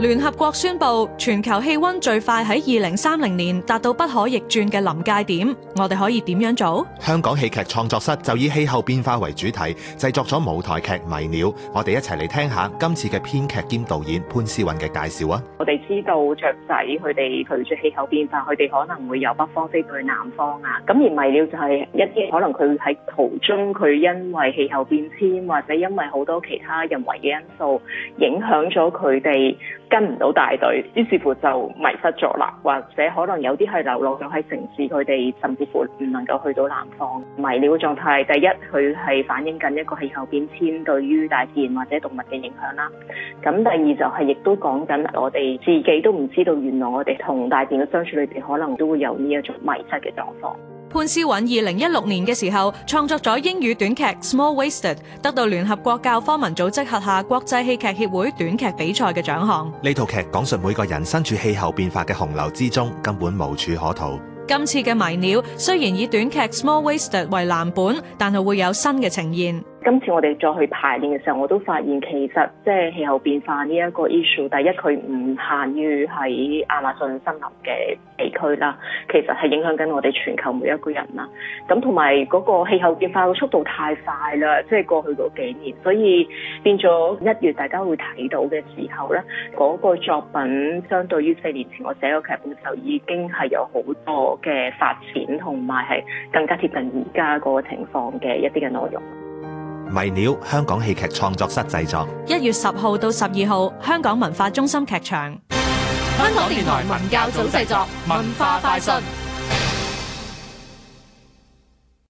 聯合國宣布，全球氣温最快喺二零三零年達到不可逆轉嘅臨界點。我哋可以點樣做？香港戲劇創作室就以氣候變化為主題，製作咗舞台劇《迷鳥》。我哋一齊嚟聽下今次嘅編劇兼導演潘思雲嘅介紹啊！我哋知道雀仔佢哋隨住氣候變化，佢哋可能會由北方飛去南方啊。咁而迷鳥就係一啲可能佢喺途中佢因為氣候變遷或者因為好多其他人為嘅因素影響咗佢哋。跟唔到大隊，於是乎就迷失咗啦，或者可能有啲係流落咗喺城市，佢哋甚至乎唔能夠去到南方，迷鳥嘅狀態。第一，佢係反映緊一個氣候變遷對於大自然或者動物嘅影響啦。咁第二就係亦都講緊我哋自己都唔知道，原來我哋同大自然嘅相處裏邊，可能都會有呢一種迷失嘅狀況。潘思韻二零一六年嘅時候創作咗英語短劇《Small Wasted》，得到聯合國教科文組織轄下國際戲劇協會短劇比賽嘅獎項。呢套劇講述每個人身處氣候變化嘅洪流之中，根本無處可逃。今次嘅《迷鳥》雖然以短劇《Small Wasted》為藍本，但係會有新嘅呈現。今次我哋再去排練嘅時候，我都發現其實即係氣候變化呢一個 issue，第一，佢唔限於喺亞馬遜森林嘅地區啦，其實係影響緊我哋全球每一個人啦。咁同埋嗰個氣候變化嘅速度太快啦，即係過去嗰幾年，所以變咗一月大家會睇到嘅時候咧，嗰個作品相對於四年前我寫個劇本嘅時候已經係有好多嘅發展，同埋係更加貼近而家嗰個情況嘅一啲嘅內容。迷鳥香港戲劇創作室製作，一月十號到十二號，香港文化中心劇場，香港電台文教組製作，文化快訊。